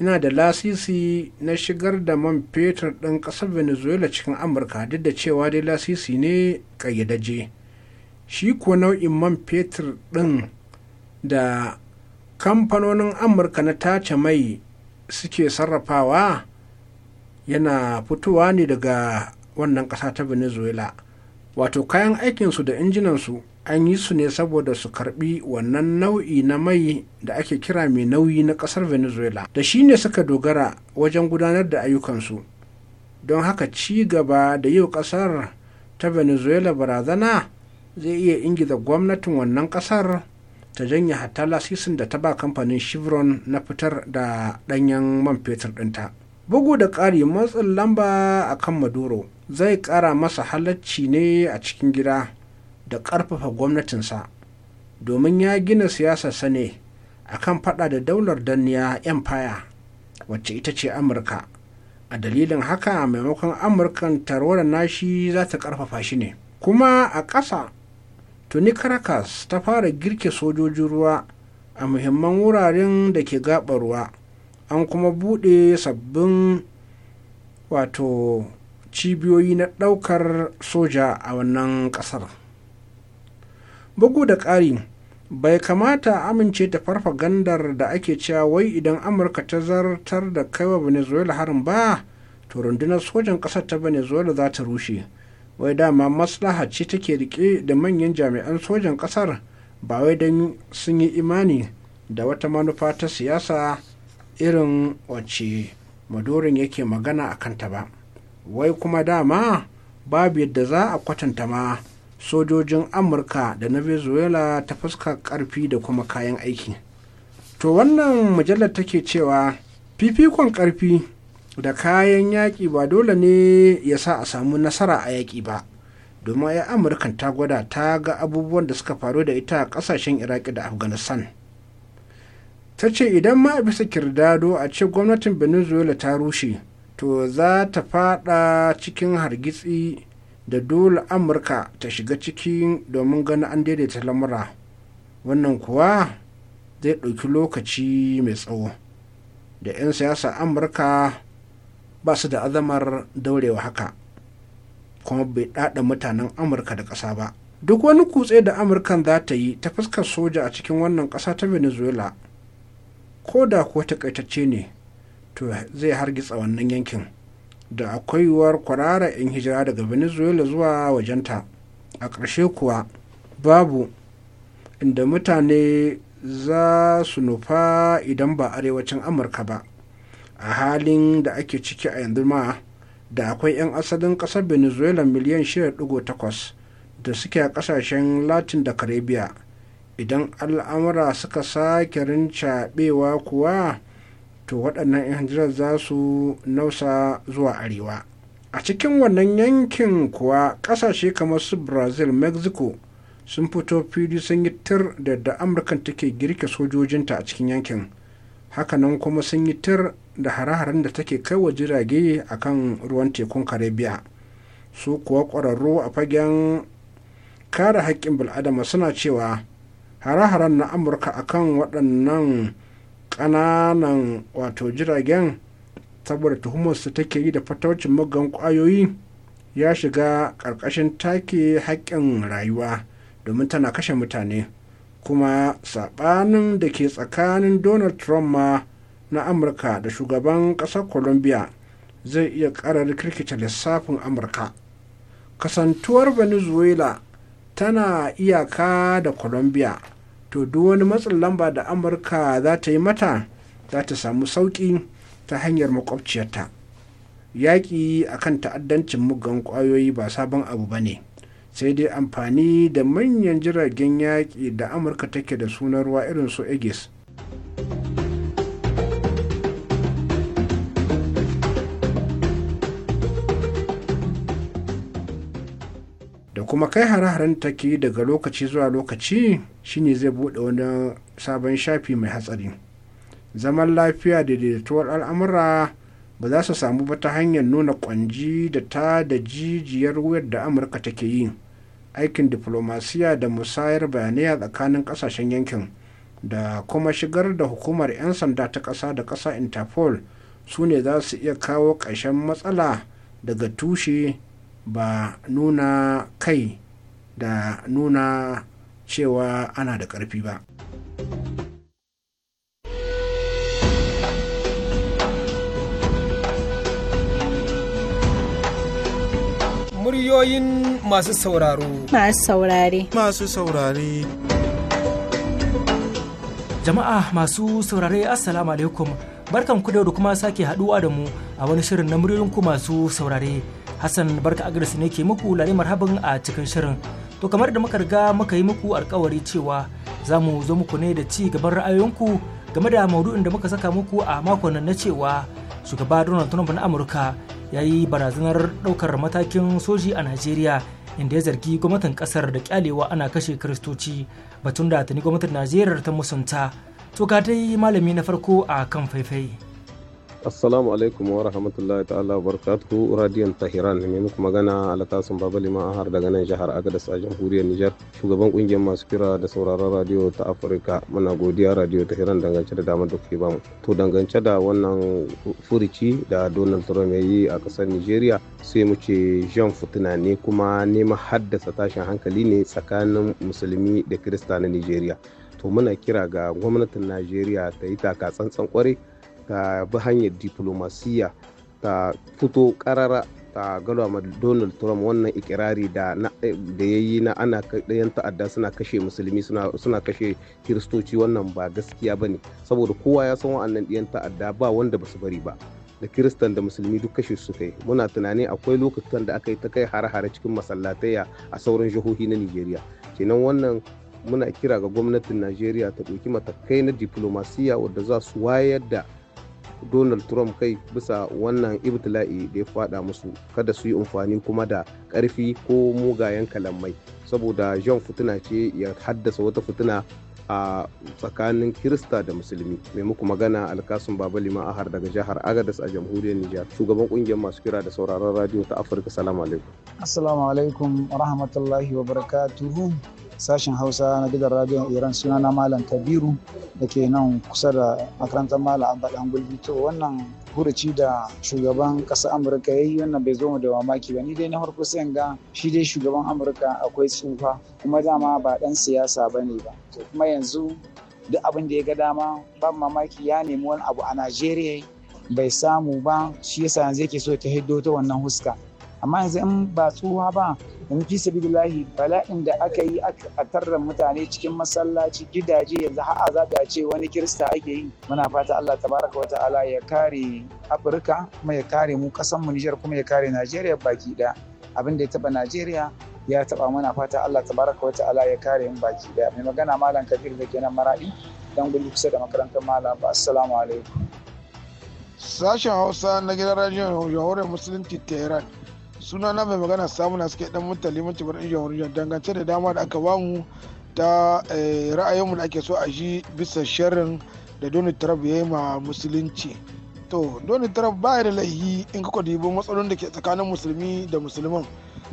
yana da lasisi na shigar da man fetur ɗin ƙasar venezuela cikin amurka duk da cewa dai lasisi ne ƙayyadaje shi kuwa nau'in man fetur ɗin da kamfanonin amurka na tace mai suke sarrafawa yana fitowa ne daga wannan ƙasa ta venezuela wato kayan aikinsu da injinansu an yi su ne saboda su karbi wannan nau'i na mai da ake kira mai nauyi na ƙasar venezuela da shi ne suka dogara wajen gudanar da ayyukansu don haka ci gaba da yau ƙasar ta venezuela barazana zai iya ingiza gwamnatin wannan kasar ta janye hatta lasisin da ta ba kamfanin chevron na fitar da danyen man fetur dinta. bugu da ƙari matsin lamba a kan maduro zai ƙara masa halacci ne a cikin gida da ƙarfafa gwamnatinsa domin ya gina siyasarsa ne a kan faɗa da daular danniya empire wacce ita ce amurka a dalilin haka maimakon amurkan tarwar nashi za ta ƙarfafa shi ne kuma a ƙasa tuni caracas ta fara girke sojojin ruwa a muhimman wuraren da ke gaɓar ruwa an kuma buɗe sabbin wato cibiyoyi na ɗaukar soja a wannan ƙasar bugu da ƙari bai kamata amince da farfagandar da ake cewa wai idan amurka ta zartar da kaiwa venezuela harin ba to rundunar sojan ƙasar ta venezuela za ta rushe wai dama maslaha ce take rike da manyan jami'an sojan kasar ba wai don sun yi imani da wata manufa ta siyasa irin wacce madorin yake magana a kanta ba wai kuma dama babu yadda za a kwatanta ma sojojin amurka da na venezuela ta fuskar karfi da kuma kayan aiki to wannan mujallar take cewa fifikon karfi da kayan yaƙi ba dole ne ya sa a samu nasara a yaƙi ba domin ya amurkan ta gwada ta ga abubuwan da suka faru da ita a ƙasashen iraki da afghanistan ta ce idan ma a bisa kirdado a ce gwamnatin venezuela ta rushe to za ta fada cikin hargitsi da dole amurka ta shiga ciki domin ganin an daidaita lamura wannan kuwa zai ɗauki lokaci mai tsawo da 'yan siyasa amurka ba su da azamar daurewa haka kuma bai ɗaɗa mutanen amurka da ƙasa ba duk wani kutse da amurkan za ta yi ta fuskar soja a cikin wannan ƙasa ta venezuela ko da ko takaitacce ne to zai hargitsa wannan yankin da akwai yiwuwar kwarara 'yan hijira daga venezuela zuwa wajenta a ƙarshe kuwa babu inda mutane za su nufa idan ba arewacin amurka ba a halin da ake ciki a yanzu ma da akwai 'yan asalin ƙasar venezuela miliyan 6.8 da suke a ƙasashen latin da caribbean idan al'amura suka sake bewa kuwa to waɗannan 'yan hijirar za su nausa zuwa arewa a cikin wannan yankin kuwa ƙasashe kamar su brazil mexico sun fito fili sun yi tir da da amurkan take girke sojojinta a cikin yankin hakanan kuma sun yi tir da hare-haren da take kai wa jirage a kan ruwan tekun karibiya su kuwa ƙwararru a fagen kare haƙƙin bil'adama suna cewa hare-haren na amurka a kan waɗannan ƙananan wato jiragen saboda tuhumar tuhumarsu take yi da fataucin magan ƙwayoyi ya shiga ƙarƙashin take haƙƙin rayuwa domin tana kashe mutane kuma saɓanin da ke tsakanin donald trump ma na amurka da shugaban ƙasar colombia zai iya ƙarar kirkita lissafin amurka kasantuwar venezuela tana iyaka da colombia to duk wani matsin lamba da amurka za ta yi mata za ta samu sauƙi ta hanyar makwabciyarta yaƙi a kan ta'addancin muggan ƙwayoyi ba sabon abu ba ne sai dai amfani da manyan jiragen yaƙi da amurka take da sunarwa irin su aegis kuma kai hare-haren take daga lokaci zuwa lokaci shine zai buɗe wani sabon shafi mai hatsari zaman lafiya da daidaituwar al'amura ba za su samu ba ta hanyar nuna kwanji da ta da jijiyar wuyar da amurka take yi aikin diflomasiya da musayar bayanai a tsakanin kasashen yankin da kuma shigar da hukumar 'yan sanda ta ƙasa da ƙasa interpol su ne za su iya kawo ƙarshen matsala daga tushe ba nuna kai da nuna cewa ana da ƙarfi ba muryoyin masu sauraro masu saurare masu saurare jama'a masu saurare assalamu alaikum barkan ku da kuma sake haduwa da mu a wani shirin na muryoyin ku masu saurare Hassan barka agris ne ke muku lare marhaban a cikin shirin. To kamar da muka riga muka yi muku alkawari cewa za mu zo muku ne da ci gaban ra'ayoyinku game da maudu'in da muka saka muku a makon nan na cewa shugaba Donald Trump na Amurka ya yi barazanar ɗaukar matakin soji a Najeriya inda ya zargi gwamnatin ƙasar da ƙyalewa ana kashe kiristoci batun da tuni gwamnatin Najeriya ta musunta. To ka dai malami na farko a kan faifai. Assalamu alaikum wa rahmatullahi ta'ala wa barakatuhu radiyon Tahiran mai muku magana alakasun Baba Liman har daga nan jihar Agadas a jamhuriyar Nijar shugaban kungiyar masu kira da sauraron radiyo ta Afirka muna godiya radiyo Tahiran dangance da damar da kuke bamu to dangance da wannan furici da Donald Trump ya yi a kasar nigeria sai mu ce Jean fitina ne kuma neman haddasa tashin hankali ne tsakanin musulmi da Kirista na Nijeriya to muna kira ga gwamnatin nigeria ta yi taka tsantsan kwarai ta bi hanyar diplomasiya ta fito karara ta galwa donald trump wannan ikirari da ya yi na ana yan ta'adda suna kashe musulmi suna kashe kiristoci wannan ba gaskiya ba ne saboda kowa ya san wa'annan yan ta'adda ba wanda ba su bari ba da kiristan da musulmi duk kashe su kai muna tunani akwai lokutan da aka yi ta kai hare-hare cikin masallataya a sauran jihohi na nigeria kenan wannan muna kira ga gwamnatin najeriya ta ɗauki matakai na diplomasiya wadda za su wayar da donald trump kai bisa wannan ibtila'i da ya fada musu kada su yi amfani kuma da karfi ko mugayen kalamai saboda jean fitina ce ya haddasa wata fitina a tsakanin kirista da musulmi mai muku magana alkasun baba liman ahar daga jihar agadas a jamhuriyar nijar shugaban kungiyar masu kira da sauraron radio ta afirka salamu alaikum rahmatullahi wa barakatuhu sashen hausa na gidan radiyon iran suna na malam kabiru da ke nan kusa da makarantar malam abba dan gulbi to wannan furuci da shugaban ƙasar amurka ya yi wannan bai zo mu da mamaki ba ni dai na farko sai ga shi dai shugaban amurka akwai tsufa kuma dama ba dan siyasa ba ne ba to kuma yanzu duk abin da ya ga dama ba mamaki ya nemi wani abu a najeriya bai samu ba shi yasa yanzu yake so ta hiddo ta wannan huska amma yanzu in ba tsuwa ba in fi sabidillahi bala'in da aka yi a tarra mutane cikin masallaci gidaje yanzu ha'a za a ce wani kirista ake yi muna fata Allah tabaraka wata'ala ya kare Afirka kuma ya kare mu kasan mu Nijar kuma ya kare Najeriya baki ɗaya abin da ya taba Najeriya ya taba muna fata Allah tabaraka wata'ala ya kare mu baki ɗaya mai magana malam Kabir da kenan maradi dan gudu kusa da makarantar malam assalamu alaikum sashen hausa na gidan rajiyar jamhuriyar musulunci tehran sunana mai magana samuna suke dan mutali mutubar ijiyar wurin dangance da dama da aka bamu ta eh, ra'ayinmu da ake so a ji bisa sharrin da donald trump ya yi ma musulunci to donald trump ba da laihi in kuka dubi matsalolin da ke tsakanin musulmi da musulman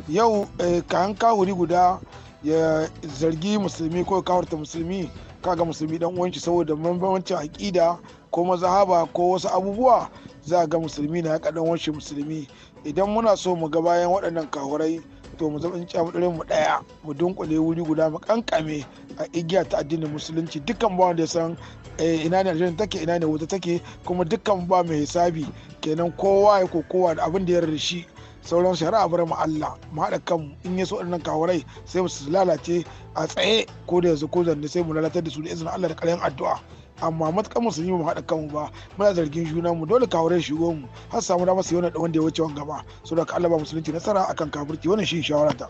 yau eh, ka hanka kawuri guda ya zargi musulmi ko kawarta musulmi kaga musulmi dan uwanci saboda bambancin aƙida ko mazahaba ko wasu abubuwa za ga musulmi na haka musulmi idan muna so mu ga bayan waɗannan kahurai to mu zama tsamurin mu ɗaya mu dunkule wuri guda mu kankame a igiya ta addinin musulunci dukkan ba wanda ya san eh, ina ne aljihun take ina ne wuta take kuma dukkan ba mai hisabi kenan kowa ya kowa da abin da ya rishi sauran shari'a bar mu Allah mu haɗa kanmu in ya so waɗannan kawarai sai mu lalace a tsaye ko da yanzu ko zanne sai mu lalatar da su da izinin Allah da ƙaryan addu'a amma matuƙar sun ba mu haɗa kanmu ba muna zargin juna mu dole ka kawarai shigo mu har samu dama su yi wani wanda ya wuce wanga ba da ka Allah ba musulunci nasara akan kafirci wannan shi shawara ta.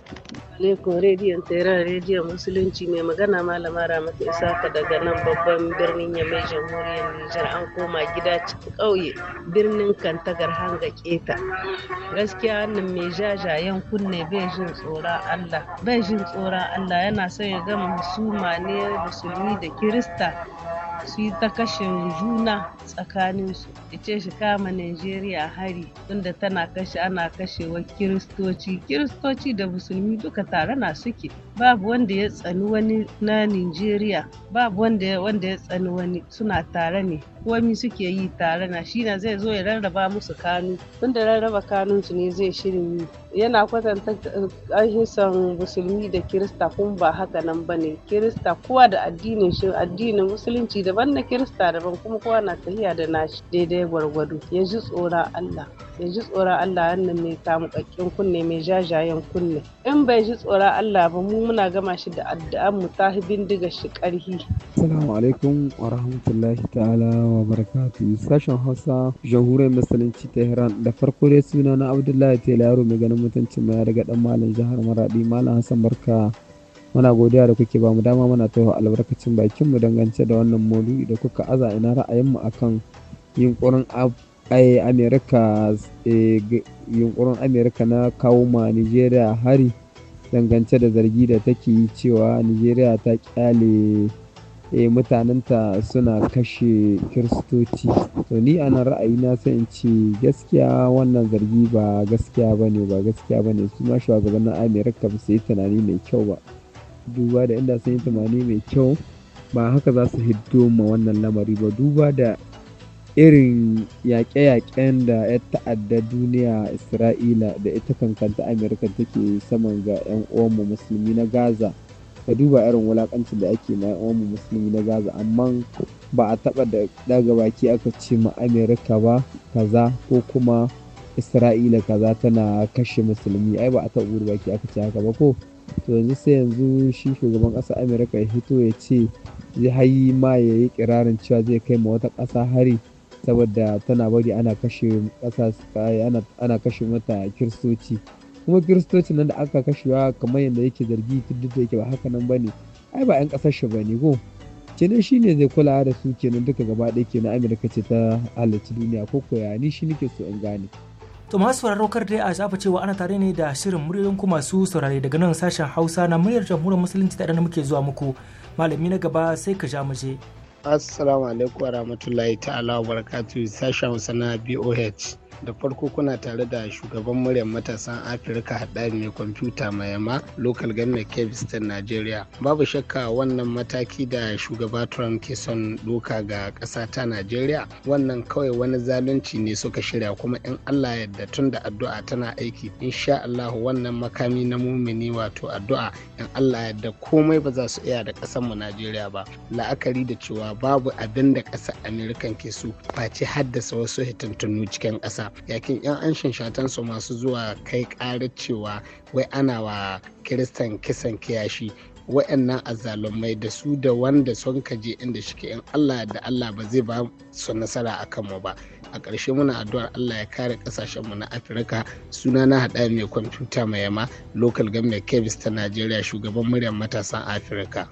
Alaikum rediyon tera rediyon musulunci mai magana malama Ramatu Isaka daga nan babban birnin Yamai jamhuriyar Nijar an koma gida cikin ƙauye birnin Kantagar Hanga Keta. Gaskiya wannan mai jajayen kunne bai jin tsoron Allah bai jin tsoron Allah yana son ya gama musulma ne musulmi da Kirista su ta kashe juna tsakanin su ce shi kama Najeriya hari tunda tana kashe ana kashewa kiristoci kiristoci da musulmi duka tare na suke babu wanda ya tsani wani na Nigeria babu wanda wanda ya tsani wani suna tare ne komi suke yi tare na shi zai zo ya rarraba musu kanu tunda rarraba kanun su ne zai shirin yi yana kwatanta eh, ahisan musulmi da kirista Kuma ba haka nan ba ne kirista kowa da addinin shi addinin musulunci daban na kirista daban kuma kowa na tafiya da nashi daidai gwargwado ya ji tsoron Allah yanzu ji tsoron Allah wannan mai kamukakken kunne mai jajayen kunne in bai ji tsoron Allah ba mu muna gama shi da addu'an mu ta bindiga shi karhi assalamu alaikum wa rahmatullahi ta'ala wa barakatuh sashen Hausa jamhuriyar musulunci Tehran da farko dai suna na Abdullahi Tela yaro mai ganin mutuncin mai daga dan malam jihar Maradi malam Hassan Barka muna godiya da kuke ba mu dama muna tawo albarkacin bakin mu dangance da wannan maudu'i da kuka aza ina ra'ayin mu akan yin yunkurin ai amerika eh, yunkurin amerika na kawo ma nigeria hari dangance da zargi da take yi cewa nigeria ta kyale e, eh, mutanenta suna kashe kiristoci to ni a nan na sai in ce gaskiya wannan zargi ba gaskiya ba ne ba gaskiya ba ne su ma shugabannin amerika ba su yi tunani mai kyau ba duba da inda sun yi tunani mai kyau ba haka za su hiddo ma wannan lamari ba duba da irin yaƙe-yaƙen da ya ta'adda duniya isra'ila da ita kankanta amerika take saman ga 'yan uwanmu musulmi na gaza ka duba irin wulaƙancin da ake ma 'yan uwanmu musulmi na gaza amma ba a taɓa da daga baki aka ce ma amerika ba kaza ko kuma isra'ila kaza tana kashe musulmi ai ba a taɓa gudu baki aka ce haka ba ko to yanzu sai yanzu shi shugaban ƙasa amerika ya fito ya ce zai hayi ma ya yi kirarin cewa zai kai ma wata ƙasa hari saboda tana bari ana kashe ƙasa ana kashe mata kiristoci kuma kiristoci nan da aka kashewa kamar yadda yake zargi duk da yake ba haka nan bane ai ba 'yan ƙasar shi bane go kenan shine zai kula da su kenan duka gaba ɗaya kenan amurka ce ta halarci duniya ko koya ni shi nake so in gane to masu sauraro kar dai a shafa cewa ana tare ne da shirin muryoyin ku masu saurare daga nan sashen hausa na muryar jamhuriyar musulunci da muke zuwa muku malami na gaba sai ka ja mu je assalamu alaikum wa rahmatullahi ta'ala wa barakatuhu sashen sana'a boh da farko kuna tare da shugaban muryar matasan afirka haɗari mai kwamfuta mai yamma local government kebis ta nigeria babu shakka wannan mataki da shugaba trump ke son doka ga ƙasa ta nigeria wannan kawai wani zalunci ne suka shirya kuma in allah yadda tun da addu'a tana aiki insha allah wannan makami na mumini wato addu'a in allah yadda komai ba za su iya da mu nigeria ba la'akari da cewa babu abin da ƙasar amerikan ke so face haddasa wasu hitattunu cikin ƙasa yakin 'yan anshin su masu zuwa kai ƙarar cewa wai ana wa kiristan kisan kiyashi wa'annan azalumai da su da wanda sun kaje inda shike in Allah da Allah ba zai ba su nasara a kanmu ba a ƙarshe muna addu'ar Allah ya kare ƙasashenmu na Afirka suna na haɗa mai kwamfuta mai yama local government kebis ta Najeriya shugaban muryar matasan Afirka.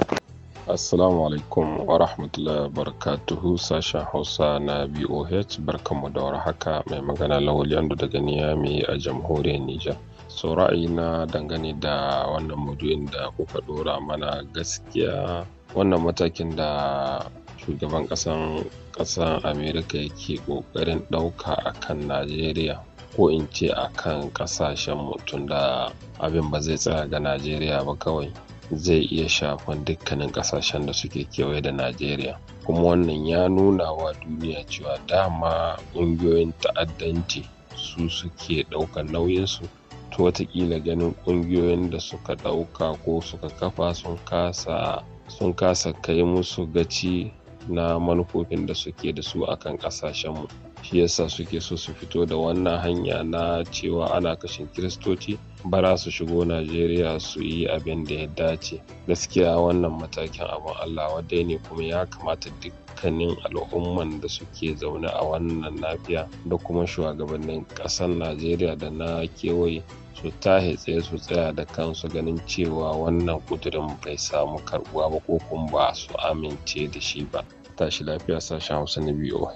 Assalamu alaikum wa rahmatullahi barakatuhu sashen Hausa na BOH barkanmu da war haka mai magana Lawali daga Niyami a jamhuriyar Nijar. So ra'ayina dangane da wannan maudu'in da kuka dora mana gaskiya wannan matakin da shugaban ƙasan ƙasar Amerika yake ƙoƙarin ɗauka a kan Najeriya ko in ce akan kan ƙasashen mutum da abin ba zai tsaya ga Najeriya ba kawai. zai iya shafan dukkanin kasashen da suke kewaye da najeriya kuma wannan ya nuna wa duniya cewa dama ƙungiyoyin ta'addanci su suke ɗaukar nauyinsu to watakila ganin ƙungiyoyin da suka ɗauka ko suka kafa sun kasa kai musu gaci na manufofin da suke da su akan ƙasashenmu shi yasa suke so su fito da wannan hanya na cewa ana kashin kiristoci bara su shigo najeriya su yi abin da ya dace gaskiya wannan matakin abin allah wadai ne kuma ya kamata dukkanin al'umman da suke zaune a wannan lafiya da kuma shugabannin ƙasar najeriya da na kewaye su tahe tsaye su tsaya da kansu ganin cewa wannan kudurin bai samu karbuwa ba ko kuma ba su amince da shi ba tashi lafiya sashen hausa na boh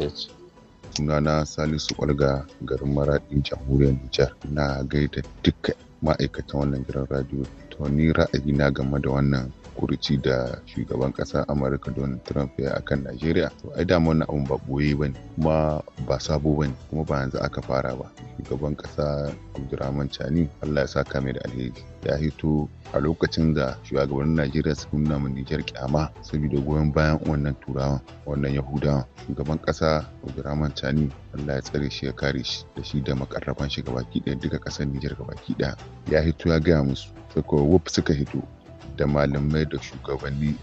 sunana salisu Kwalga, garin maraɗi jamhuriyar nijar na gaida duka ma'aikatan wannan gidan radiyo to ni na game da wannan kurci da shugaban kasa amurka donald trump ya a kan najeriya to ai dama wannan abun ba boye ba ne kuma ba sabo ba ne kuma ba yanzu aka fara ba shugaban ƙasa abdurrahman chani allah ya saka mai da alheri ya hito a lokacin da shugabannin najeriya suka nuna mu nijar kyama saboda goyon bayan wannan turawan wannan yahudawan shugaban kasa abdurrahman chani allah ya tsare shi ya kare shi da shi da makarrafan shi gabaki ɗaya duka kasar nijar gabaki daya ya hito ya gaya musu suka wuf suka hito da malamai da shugabanni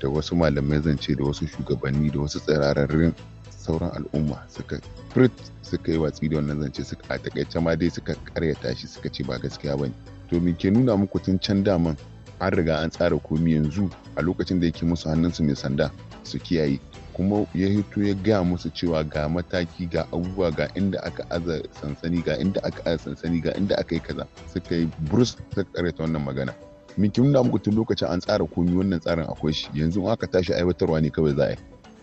da wasu malamai zance da wasu shugabanni da wasu tsirararrun sauran al'umma suka frit suka yi watsi da wannan zance suka a takaice ma dai suka karyata shi suka ce ba gaskiya bane to me ke nuna muku tun can daman an riga an tsara komi yanzu a lokacin da yake musu hannunsu mai sanda su kiyaye kuma ya hito ya gaya musu cewa ga mataki ga abubuwa ga inda aka aza sansani ga inda aka aza sansani ga inda aka yi kaza suka yi burus suka karyata wannan magana min kin nuna muku tun lokacin an tsara komi wannan tsarin akwai shi yanzu in aka tashi aiwatarwa ne kawai za a yi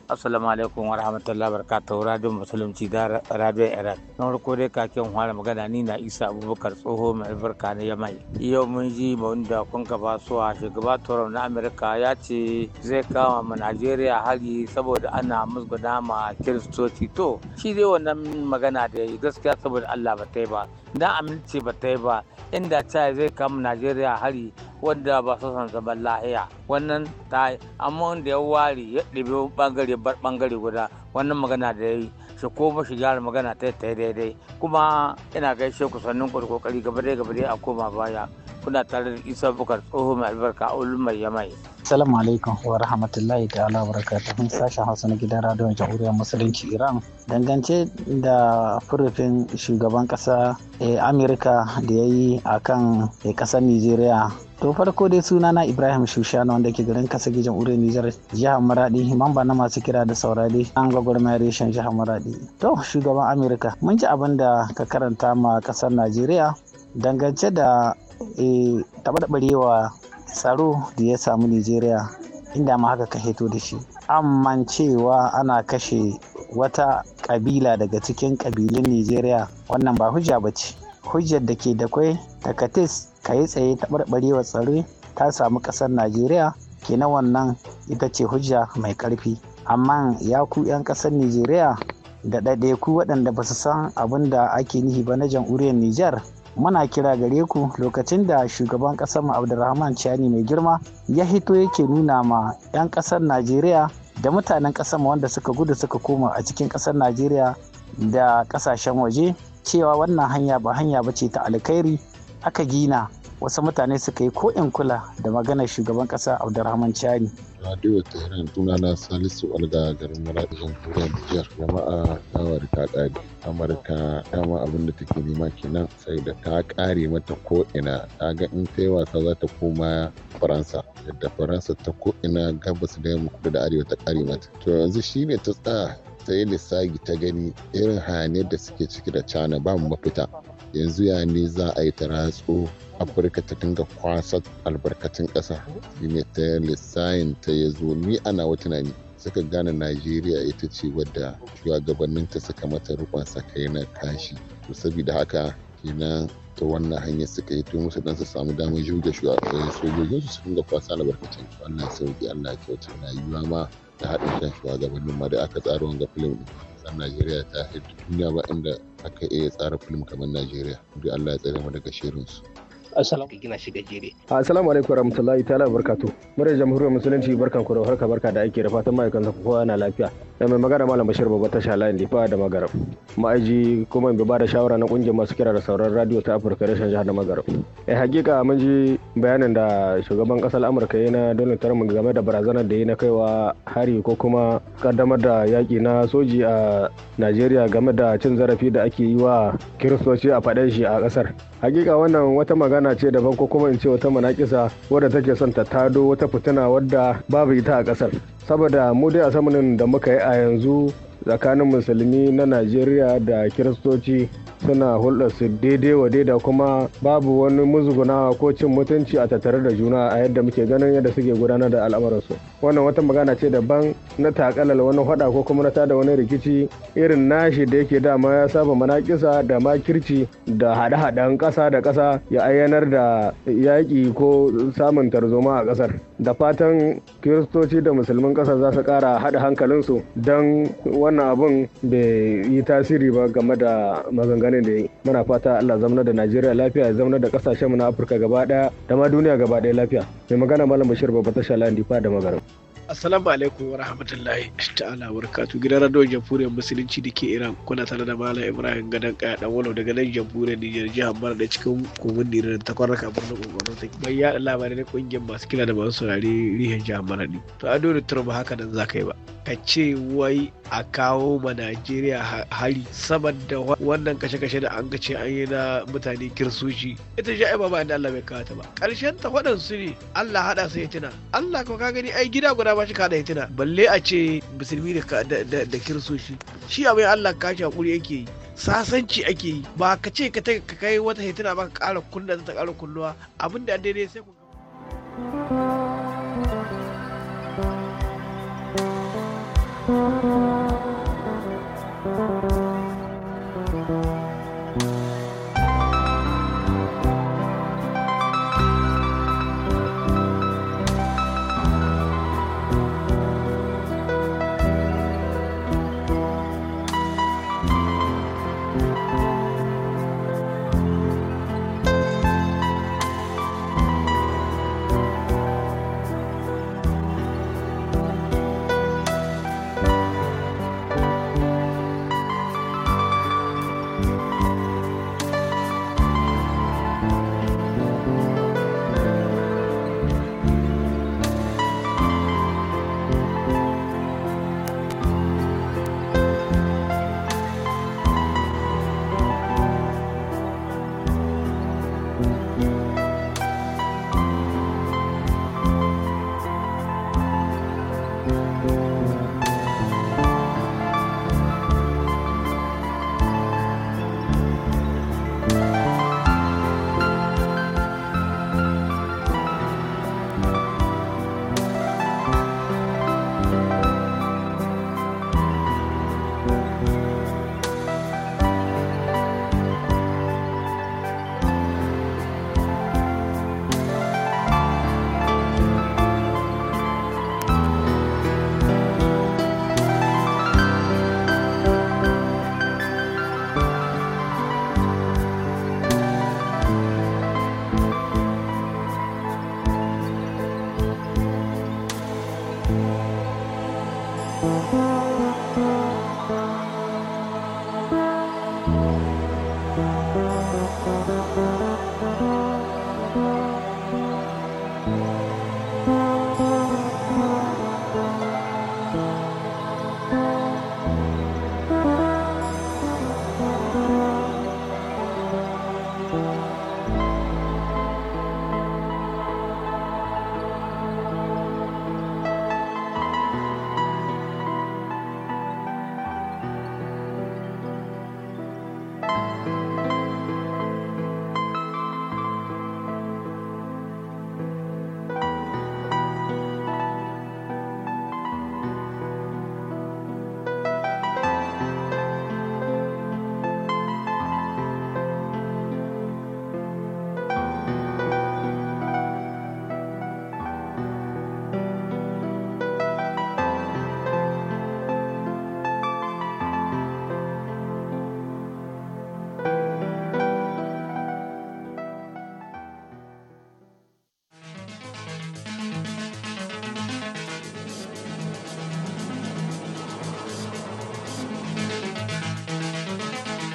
assalamu alaikum wa rahmatulah wa barakatuh radio musulunci da radio iraq na farko dai kakin fara magana ni na isa abubakar tsoho mai albarka na yamai yau mun ji da kun gaba suwa shugaba trump na amurka ya ce zai kama ma najeriya hari saboda ana musguna ma kiristoci to shi dai wannan magana da gaskiya saboda allah ba ta yi ba dan aminci ba ta yi ba inda chad zai kama najeriya hari wadda ba su san zaman lahiya wannan ta amma wanda ya wari ya ɗabi bangare bar bangare guda wannan magana da ya yi shi ko ba shi gyara magana ta yi daidai kuma ina gaishe ku sannin ku da kokari gaba dai dai a koma baya kuna tare da isa bukar tsoho mai albarka a ulun mai yamai salamu alaikum wa rahmatullahi ta'ala wa barakatuhun sashen Hausa na gidan radiyon jamhuriyar musulunci Iran. Dangance da furufin shugaban ƙasa eh, Amerika da ya yi a kan kasar eh, Nijeriya to farko dai suna na ibrahim shushana wanda ke garin kasa gijan nijar jihar maradi mamba na masu kira da saurari. an gwagwarmayar reshen jihar maradi to shugaban amurka mun ji abin da ka karanta ma kasar najeriya dangance da eh taɓarɓarewa tsaro da ya samu Nijeriya inda ma haka ka heto da shi. Amman cewa ana kashe wata kabila daga cikin ƙabilun Nijeriya wannan ba hujja ba ce. Hujjar da ke da kwai takatis ka yi tsaye taɓarɓarewa tsaro ta samu ƙasar Najeriya kenan wannan ita ce hujja mai ƙarfi. Amma ya ku 'yan ƙasar Nijeriya da ku waɗanda ba su san abin da ake nihi ba na jamhuriyar Nijar muna kira gare ku lokacin da shugaban ƙasar mu abdulrahman chani mai girma ya hito yake nuna ma 'yan ƙasar najeriya da mutanen ƙasar mu wanda suka gudu suka koma a cikin ƙasar najeriya da ƙasashen waje cewa wannan hanya ba hanya ba ce ta alkhairi aka gina wasu mutane suka yi ko kula da maganar shugaban ƙasar abdulrahman chani Radio Tehran na Salisu Alga garin Maradi Jamhuriyar Nijar. Jama'a shawar ta ƙare. Amurka dama abin da take nema kenan sai da ta kare mata ko ina. Ta ga in ta yi wasa za ta koma Faransa. Yadda Faransa ta ko ina gabas da yamma kudu da arewa ta kare mata. To yanzu shi ne ta tsaya ta yi lissagi ta gani irin hayaniyar da suke ciki da cana ba mu mafita yanzu ya ne za a yi ta ratso afirka ta dinga kwasa albarkatun ƙasa ne ta lissayin ta ya zo ni ana wata tunani suka gane najeriya ita ce wadda shugabanninta suka mata rukun kai na kashi to saboda haka kenan ta wannan hanyar suka yi tun musu dan su samu damar juga eh, sojojin su su dinga kwasa albarkacin wannan sauki allah kyauta rayuwa ma da haɗin kan shugabannin ma da aka tsara wanga filim sannan najeriya ta hidda duniya ba inda aka iya tsara film kamar najeriya duk allah ya tsare mu daga shirinsu assalamu gina shi gajere assalamu alaikum warahmatullahi ta'ala barkatu murar jamhuriyar musulunci barkan ku da harka barka da ake da fatan ma'aikan ku kowa na lafiya da eh, mai magana malam bashir babba sha layin lifa da magarab ma'aji kuma ba da shawara na kungiyar masu kira da sauran radio ta afirka rashin jihar da magarab eh hakika mun ji bayanin da shugaban kasar amurka ya na donald trump game da barazanar da ya na kaiwa hari ko kuma kaddamar da yaki na soji a najeriya game da cin zarafi da ake yi wa kiristoci a faɗin shi a ƙasar hakika wannan wata magana magana ce daban ko kuma in ce wata manakisa wadda take son ta tado wata fitina wadda babu ita a kasar saboda mu dai a da muka yi a yanzu tsakanin musulmi na najeriya da kiristoci suna hulɗar su daidai wa daida kuma babu wani muzgunawa ko cin mutunci a tattare da juna a yadda muke ganin yadda suke gudanar da al'amuransu wannan wata magana ce daban na takalar wani hada ko kuma na tada wani rikici irin nashi da yake dama ya saba manakisa da makirci da hada-hadan ƙasa da ƙasa ya ayyanar da yaƙi ko samun tarzoma a ƙasar da fatan kiristoci da musulman kasa za su ƙara haɗa hankalinsu don wannan abun bai yi tasiri ba game da maganganun da yi muna fata allah zamana da najeriya lafiya ya zamana da mu na afirka gaba ɗaya da ma duniya gaba ɗaya lafiya mai magana malam bashir babbar tasha landi fa da magarin Assalamu alaikum wa rahmatullahi ta'ala wa barakatu gidan radio jamhuriyar musulunci da ke Iran kuna tare da Malam Ibrahim Gadan Kaya dan walau daga nan jamhuriyar Nijar jihar Mara da cikin kogon Nijar da takwarar kafin da ta bai yaɗa labarai na kungiyar masu kila da masu saurare rihin jihar Mara ne to a dole turba ba haka dan za ba ka ce wai a kawo ma Najeriya hari saboda wannan kashe-kashe da an ce an yi na mutane kirsoci ita ja'i ba ba inda Allah bai kawo ta ba karshen ta waɗansu ne Allah haɗa su ya tuna Allah ko ka gani ai gida guda shi ka da hitina balle a ce musulmi da kirsoshi shi abin allah ka shi hakuri yake yi sasanci ake yi ba ka ce ka kai wata hitina ba ka ƙara kunna ta ƙara kunnuwa abin da daidai sai ku Thank you. Música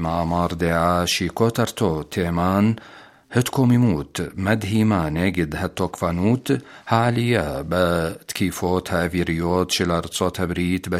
معمار کتر تو تیمان هت بمعمار موت مدهی ما نگید هت توکفانوت حالیه با تکیفو تا ویریوت شلارتسو تبرید با